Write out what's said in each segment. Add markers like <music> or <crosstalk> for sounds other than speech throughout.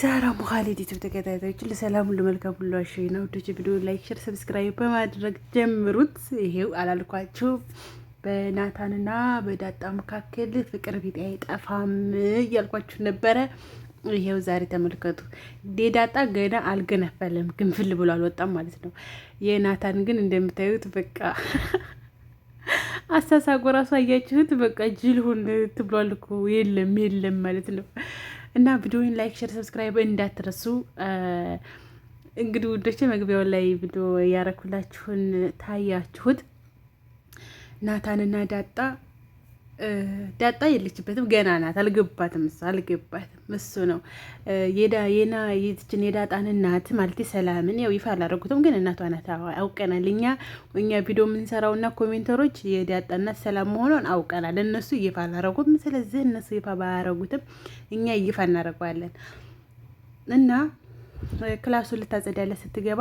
ሰላም ኻሊድ ዩቲዩብ ተከታታዮች ለሰላም ሁሉ መልካም ሁሉ አሸይ ነው። ዶች ቪዲዮ ላይክ፣ ሸር፣ ሰብስክራይብ በማድረግ ጀምሩት። ይሄው አላልኳችሁ በናታንና በዳጣ መካከል ፍቅር ቢጤ አይጠፋም እያልኳችሁ ነበረ። ይሄው ዛሬ ተመልከቱ። የዳጣ ገና አልገነፈለም፣ ግንፍል ብሎ አልወጣም ማለት ነው። የናታን ግን እንደምታዩት በቃ አሳሳጎ ራሱ አያችሁት። በቃ ጅል ሁን ትብሏል እኮ የለም የለም ማለት ነው። እና ቪዲዮውን ላይክ፣ ሸር፣ ሰብስክራይብ እንዳትረሱ። እንግዲህ ውዶች መግቢያው ላይ ቪዲዮ እያረኩላችሁን ታያችሁት ናታንና ዳጣ ዳጣ የለችበትም፣ ገና ናት፣ አልገባትም እሷ አልገባትም። እሱ ነው የና የትችን የዳጣን እናት ማለት ሰላምን ያው ይፋ አላረጉትም፣ ግን እናቷ ናት አውቀናል። እኛ እኛ ቪዲዮ የምንሰራው እና ኮሜንተሮች የዳጣ እናት ሰላም መሆኗን አውቀናል። እነሱ ይፋ አላረጉም። ስለዚህ እነሱ ይፋ ባያረጉትም እኛ ይፋ እናረጓለን እና ክላሱን ልታጸዳለት ስትገባ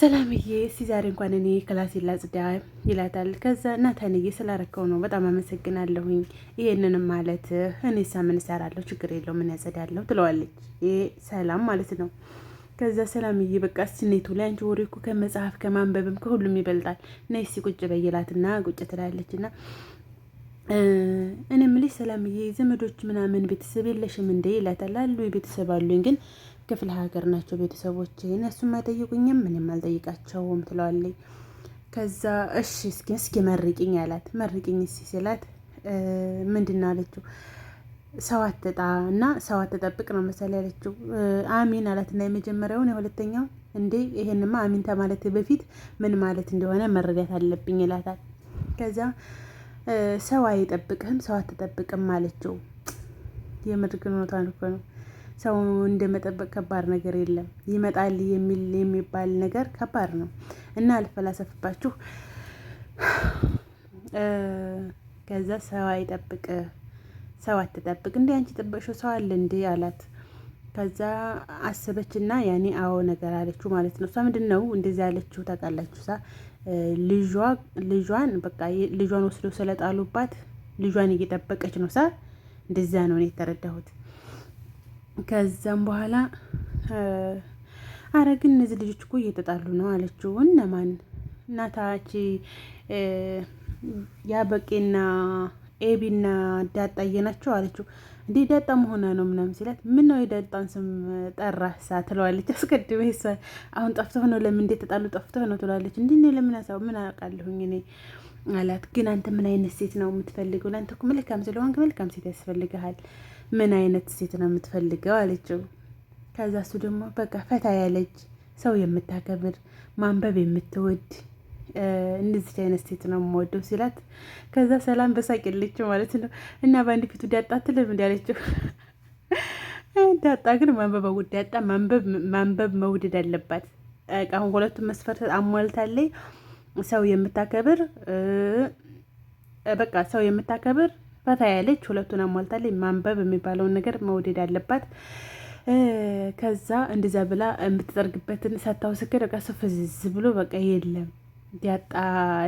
ሰላምዬ እስቲ ዛሬ እንኳን እኔ ክላስ ላጽዳ ይላታል። ከዛ ናታንዬ ስላረከው ነው በጣም አመሰግናለሁኝ። ይሄንንም ማለት እኔሳ ምን እሰራለሁ? ችግር የለው ምን ያጸዳለሁ ትለዋለች። ይሄ ሰላም ማለት ነው። ከዛ ሰላምዬ በቃ ስኔቱ ላይ አንቺ ወሬ እኮ ከመጽሐፍ ከማንበብም ከሁሉም ይበልጣል። ነይ እስኪ ቁጭ በይላትና ቁጭ ትላለች እኔም እኔ የምልሽ ሰላምዬ ዘመዶች ምናምን ቤተሰብ የለሽም እንደ ይላታል። አሉ ቤተሰብ አሉኝ ግን ክፍለ ሀገር ናቸው ቤተሰቦች። እነሱም አይጠይቁኝም ምንም አልጠይቃቸውም ትለዋለኝ። ከዛ እሺ እስኪ እስኪ መርቂኝ አላት። መርቂኝ እስኪ ሲላት ምንድን ነው አለችው? ሰው አትጣ እና ሰው አትጠብቅ ነው መሰል ያለችው። አሚን አላት እና የመጀመሪያውን የሁለተኛው እንዴ ይሄንማ አሚን ተማለት በፊት ምን ማለት እንደሆነ መረዳት አለብኝ ይላታል። ከዛ ሰው አይጠብቅህም ሰው አትጠብቅም አለችው። የምድግኖቷን እኮ ነው ሰው እንደመጠበቅ ከባድ ነገር የለም። ይመጣል የሚል የሚባል ነገር ከባድ ነው እና አልፈላሰፍባችሁ። <sighs> ከዛ ሰው አይጠብቅ ሰው አትጠብቅ፣ እንደ አንቺ ጠበቅሽው ሰው አለ እንዴ አላት። ከዛ አሰበችና ያኔ አዎ ነገር አለችው ማለት ነው። እሷ ምንድን ነው እንደዚህ ያለችው ታውቃላችሁ? ሳ ልጇን በቃ ልጇን ወስደው ስለጣሉባት ልጇን እየጠበቀች ነው። ሳ እንደዚያ ነው እኔ የተረዳሁት። ከዛም በኋላ አረ ግን እነዚህ ልጆች እኮ እየተጣሉ ነው አለችው። እነማን እናታች ያበቄና ኤቢና ዳጣዬ ናቸው አለችው። እንዴ ዳጣ መሆነ ነው ምናምን ሲላት፣ ምን ነው የዳጣን ስም ጠራ ሳ ትለዋለች። <laughs> አስቀድመ ሳ አሁን ጠፍተህ ነው ለምን እንዴት ተጣሉ ጠፍተህ ነው ትለዋለች። እንዲ ለምን አሳብ ምን አውቃለሁኝ እኔ አላት። ግን አንተ ምን አይነት ሴት ነው የምትፈልገው? ለአንተ እኮ መልካም ስለሆንክ መልካም ሴት ያስፈልግሃል ምን አይነት ሴት ነው የምትፈልገው አለችው። ከዛ እሱ ደግሞ በቃ ፈታ ያለች ሰው የምታከብር ማንበብ የምትወድ እንደዚህ አይነት ሴት ነው የምወደው ሲላት፣ ከዛ ሰላም በሳቅልች ማለት ነው። እና በአንድ ፊቱ ዳጣ ትልም እንዲ አለችው። <laughs> ዳጣ ግን ማንበብ ውድ ዳጣ ማንበብ መውደድ አለባት። አሁን ሁለቱም መስፈርት አሟልታለች። ሰው የምታከብር በቃ ሰው የምታከብር ፈታ ያለች ሁለቱን አሟልታለች። ማንበብ የሚባለውን ነገር መውደድ አለባት። ከዛ እንደዛ ብላ የምትጠርግበትን ሰታው ስክር በቃ ፍዝዝ ብሎ በቃ የለም ያጣ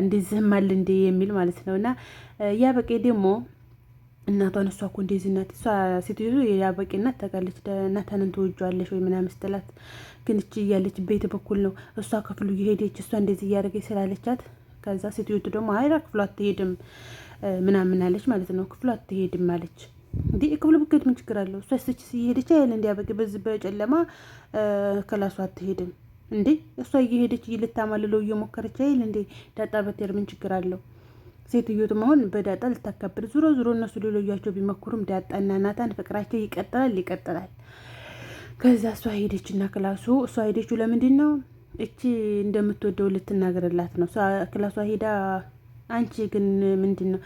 እንዲዝህማል እንዲ የሚል ማለት ነው። እና ያ በቂ ደግሞ እናቷን እሷ እኮ እንደዚህ እናት እሷ ያ በቂ እናት ታውቃለች። እናታንን ትወጇዋለሽ ወይ ምናምን ስትላት ግን እቺ እያለች ቤት በኩል ነው እሷ ክፍሉ እየሄደች እሷ እንደዚህ እያደረገች ስላለቻት ከዛ ሴትዮቱ ደግሞ አይራ ክፍሉ አትሄድም ምናምን አለች ማለት ነው። ክፍሉ አትሄድም አለች። እንዲህ ክፍሉ ብትሄድ ምን ችግር አለው? እሷ ስች እየሄደች አይደል እንዲያበቅ በዚህ በጨለማ ክላሷ አትሄድም እንዴ? እሷ እየሄደች ልታማልለው እየሞከረች አይል እንዴ? ዳጣ በቴር ምን ችግር አለው? ሴትዮት መሆን በዳጣ ልታካብድ ዙሮ ዙሮ እነሱ ሊለያቸው ቢመክሩም ዳጣና ናታን ፍቅራቸው ይቀጥላል ይቀጥላል። ከዛ እሷ ሄደች እና ክላሱ እሷ ሄደችው ለምንድን ነው? እቺ እንደምትወደው ልትናገርላት ነው። ክላሷ ሄዳ አንቺ ግን ምንድን ነው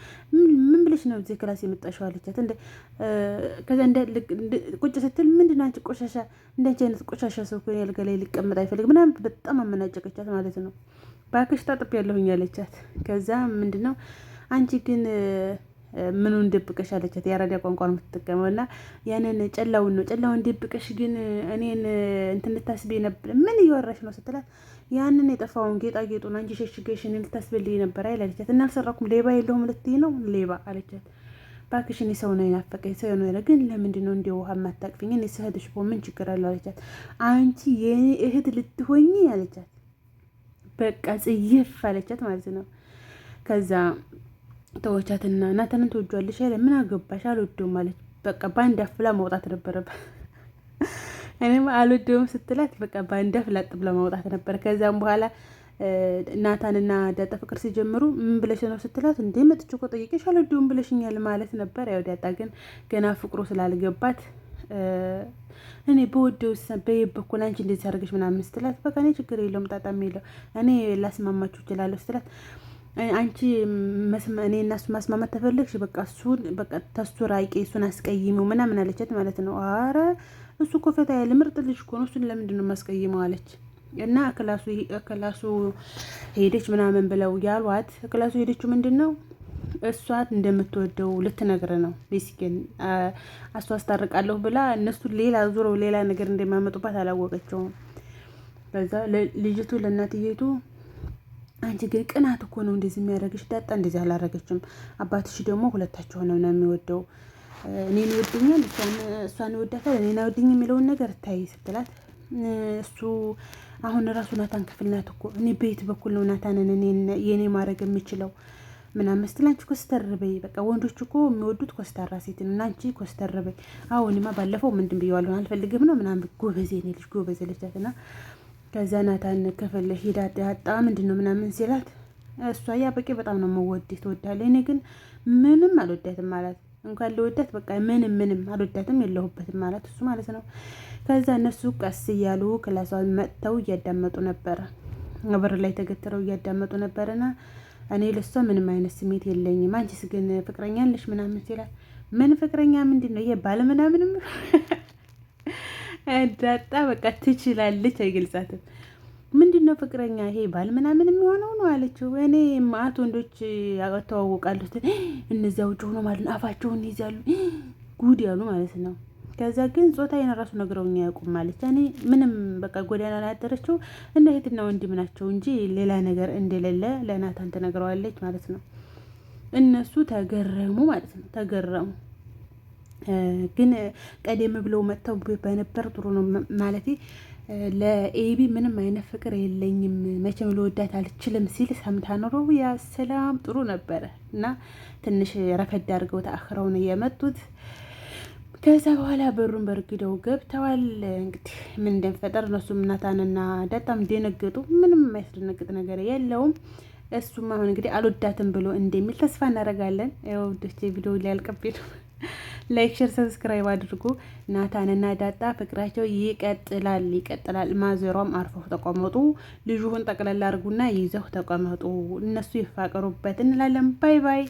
ምን ብለሽ ነው እዚህ ክላስ የመጣሽው? አለቻት። እንደ ከዛ እንደ ቁጭ ስትል ምንድን ነው አንቺ ቆሻሻ፣ አንቺ አይነት ቆሻሻ ሰው እኮ አልጋ ላይ ሊቀመጥ አይፈልግ ምናምን በጣም አመናጨቀቻት ማለት ነው። እባክሽ ታጥቤያለሁኝ አለቻት። ከዛ ምንድን ነው አንቺ ግን ምኑን ደብቀሽ አለቻት። የአራዳ ቋንቋ ነው የምትጠቀመው እና ያንን ጨላውን ነው ጨላውን ደብቀሽ ግን እኔን እንትን ልታስቤ ነበር ምን እያወራሽ ነው ስትላት ያንን የጠፋውን ጌጣጌጡን አንቺ ሸሽገሽ እኔን ልታስበልኝ ነበር አይል አለቻት። እና አልሰራኩም ሌባ የለሁም ልትይ ነው ሌባ አለቻት። እባክሽ እኔ ሰው ነው የናፈቀኝ ሰው ነው ያለ ግን ለምንድን ነው እንደ ውሃ የማታቅፍኝ? እኔ ስህድሽ ቦ ምን ችግር አለው አለቻት። አንቺ የኔ እህት ልትሆኝ አለቻት። በቃ ጽይፍ አለቻት ማለት ነው ከዛ ተወቻትና ናተንን ትወጇለሽ ያለ ምን አገባሽ አልወደውም አለች። በቃ በአንድ አፍላ መውጣት ነበረበት። <laughs> እኔም አልወደውም ስትላት በቃ በአንድ አፍላ ጥብላ መውጣት ነበረ። ከዚያም በኋላ ናታንና ዳጣ ፍቅር ሲጀምሩ ምን ብለሽ ነው ስትላት፣ እንዴ መጥቼ እኮ ጠይቄሽ አልወደውም ብለሽኛል ማለት ነበር። ያው ዳጣ ግን ገና ፍቅሩ ስላልገባት እኔ በወደው በየብ በኩል አንቺ እንደዚህ አድርገሽ ምናምን ስትላት፣ በቃ እኔ ችግር የለውም ጣጣም የለው እኔ ላስማማችሁ እችላለሁ ስትላት አንቺ እኔ እናሱ ማስማማት ተፈለግሽ፣ በቃ እሱን በቃ ተሱ ራቂ፣ እሱን አስቀይሚው ምናምን አለቻት ማለት ነው። አረ እሱ እኮ ፈታ ያለ ምርጥ ልጅ እኮ ነው፣ እሱን ለምንድን ነው የማስቀይመው አለች እና ክላሱ ሄደች ምናምን ብለው ያሏት፣ ክላሱ ሄደችው ምንድን ነው እሷት እንደምትወደው ልትነግር ነው። ቤሲኬን አሷ አስታርቃለሁ ብላ እነሱ ሌላ ዙረው ሌላ ነገር እንደማመጡባት አላወቀችውም። ልጅቱ ለእናትየቱ አንቺ ግን ቅናት እኮ ነው እንደዚህ የሚያደርግሽ። ዳጣ እንደዚህ አላደረገችም። አባትሽ ደግሞ ሁለታቸው ነው ነው የሚወደው እኔን ይወደኛል እሷን ይወዳታል እኔን አይወደኝም የሚለውን ነገር ታይ ስትላት እሱ አሁን ራሱ ናታን ክፍል ናት እኮ እኔ በየት በኩል ነው ናታንን የእኔ ማድረግ የምችለው ምናምን ስትል አንቺ ኮስተር በይ። በቃ ወንዶች እኮ የሚወዱት ኮስተራ ሴት ነው እና አንቺ ኮስተር በይ። አዎ እኔማ ባለፈው ምንድን ብየዋለሁ አልፈልግም ነው ምናምን ጎበዝ የኔ ልጅ ጎበዝ ልጅ ናት እና ከዛ ናታን ክፍል ሂዳ ዳጣ ምንድን ነው ምናምን ሲላት እሷ ያ በቂ በጣም ነው መወድህ ትወዳለህ፣ እኔ ግን ምንም አልወዳትም ማለት እንኳን ልወዳት በቃ ምንም ምንም አልወዳትም የለሁበትም ማለት እሱ ማለት ነው። ከዛ እነሱ ቀስ እያሉ ክላሷን መጥተው እያዳመጡ ነበረ፣ በር ላይ ተገትረው እያዳመጡ ነበረና እኔ ለሷ ምንም አይነት ስሜት የለኝም፣ አንቺስ ግን ፍቅረኛ አለሽ ምናምን ሲላት ምን ፍቅረኛ ምንድን ነው ምናምንም ዳጣ በቃ ትችላለች፣ አይገልጻትም። ምንድን ነው ፍቅረኛ ይሄ ባል ምናምን የሚሆነው ነው አለችው። እኔ ማአት ወንዶች ተዋወቃሉት እነዚያ ውጭ ሆኖ ማለት ነው አፋቸውን ይዛሉ ጉድ ያሉ ማለት ነው። ከዛ ግን ጾታ ራሱ ነግረው ያውቁም ማለች። እኔ ምንም በቃ ጎዳና ላይ ያደረችው እንደ እህትና ወንድም ናቸው እንጂ ሌላ ነገር እንደሌለ ለናታን ትነግረዋለች ማለት ነው። እነሱ ተገረሙ ማለት ነው። ተገረሙ ግን ቀደም ብለው መጥተው በነበር ጥሩ ነው ማለት ለኤቢ ምንም አይነት ፍቅር የለኝም መቼም ልወዳት አልችልም ሲል ሰምታ ኖሮ ያ ሰላም ጥሩ ነበረ እና ትንሽ ረፈድ አድርገው ተአክረው ነው የመጡት። ከዛ በኋላ በሩን በርግደው ገብተዋል። እንግዲህ ምን እንደሚፈጠር እነሱም ናታንና ዳጣም ደነገጡ። ምንም የሚያስደነግጥ ነገር የለውም። እሱም አሁን እንግዲህ አልወዳትም ብሎ እንደሚል ተስፋ እናደርጋለን። ውዶቼ ቪዲዮ ሊያልቅብኝ ነው። ላይክ፣ ሼር፣ ሰብስክራይብ አድርጉ። ናታንና ዳጣ ፍቅራቸው ይቀጥላል ይቀጥላል። ማዘሯም አርፈው ተቀመጡ። ልጅሁን ጠቅላላ አድርጉና ይዘው ተቀመጡ። እነሱ ይፋቀሩበት እንላለን። ባይ ባይ